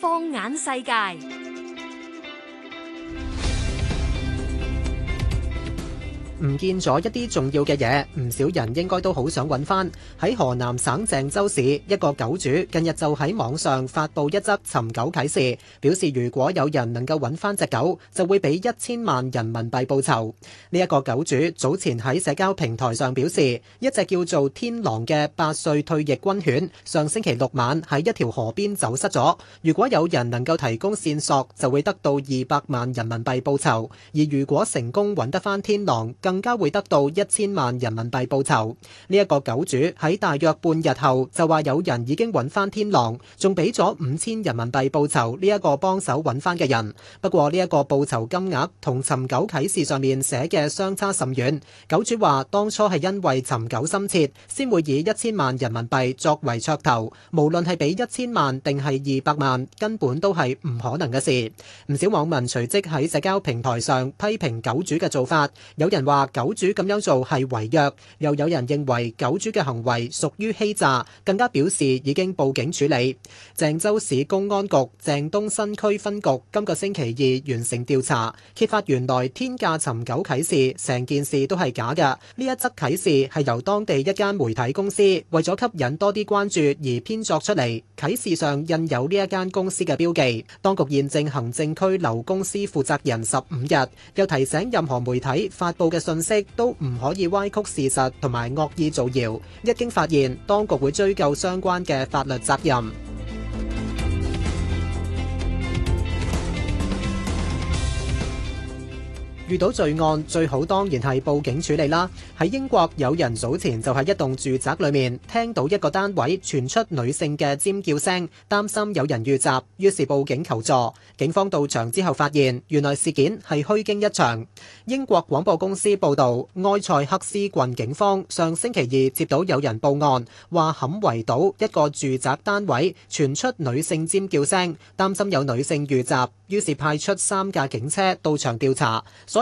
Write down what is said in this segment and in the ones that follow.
放眼世界。唔見咗一啲重要嘅嘢，唔少人應該都好想揾翻。喺河南省鄭州市，一個狗主近日就喺網上發布一則尋狗啟事，表示如果有人能夠揾翻隻狗，就會俾一千萬人民幣報酬。呢、這、一個狗主早前喺社交平台上表示，一隻叫做天狼嘅八歲退役軍犬，上星期六晚喺一條河邊走失咗。如果有人能夠提供線索，就會得到二百萬人民幣報酬。而如果成功揾得翻天狼，更加會得到一千萬人民幣報酬。呢、這、一個狗主喺大約半日後就話有人已經揾翻天狼，仲俾咗五千人民幣報酬呢一個幫手揾翻嘅人。不過呢一個報酬金額同尋狗啟事上面寫嘅相差甚遠。狗主話當初係因為尋狗心切，先會以一千萬人民幣作為噱頭。無論係俾一千萬定係二百萬，根本都係唔可能嘅事。唔少網民隨即喺社交平台上批評狗主嘅做法。有人話。狗主咁樣做係違約，又有人認為狗主嘅行為屬於欺詐，更加表示已經報警處理。鄭州市公安局鄭東新區分局今個星期二完成調查，揭發原來天價尋狗啟事成件事都係假嘅。呢一則啟事係由當地一間媒體公司為咗吸引多啲關注而編作出嚟，啟事上印有呢一間公司嘅標記。當局現正行政拘留公司負責人十五日，又提醒任何媒體發佈嘅信息都唔可以歪曲事實同埋惡意造謠，一經發現，當局會追究相關嘅法律責任。遇到罪案最好當然係報警處理啦。喺英國有人早前就喺一棟住宅裏面聽到一個單位傳出女性嘅尖叫聲，擔心有人遇襲，於是報警求助。警方到場之後發現，原來事件係虛驚一場。英國廣播公司報導，埃塞克斯郡警方上星期二接到有人報案，話坎維島一個住宅單位傳出女性尖叫聲，擔心有女性遇襲，於是派出三架警車到場調查。所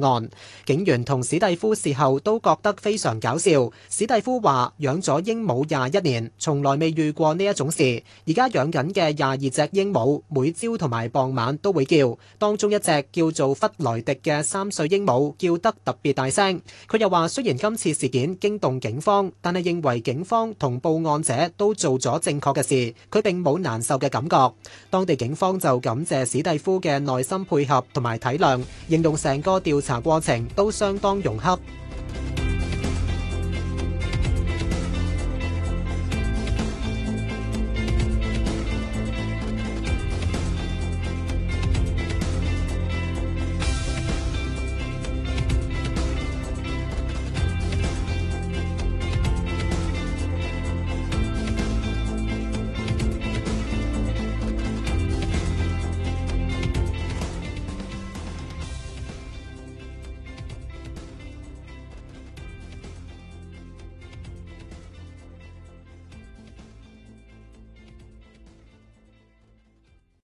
個案，警員同史蒂夫事後都覺得非常搞笑。史蒂夫話：養咗鸚鵡廿一年，從來未遇過呢一種事。而家養緊嘅廿二隻鸚鵡，每朝同埋傍晚都會叫。當中一隻叫做弗萊迪嘅三歲鸚鵡，叫得特別大聲。佢又話：雖然今次事件驚動警方，但係認為警方同報案者都做咗正確嘅事，佢並冇難受嘅感覺。當地警方就感謝史蒂夫嘅耐心配合同埋體諒，形容成個。調查過程都相當融洽。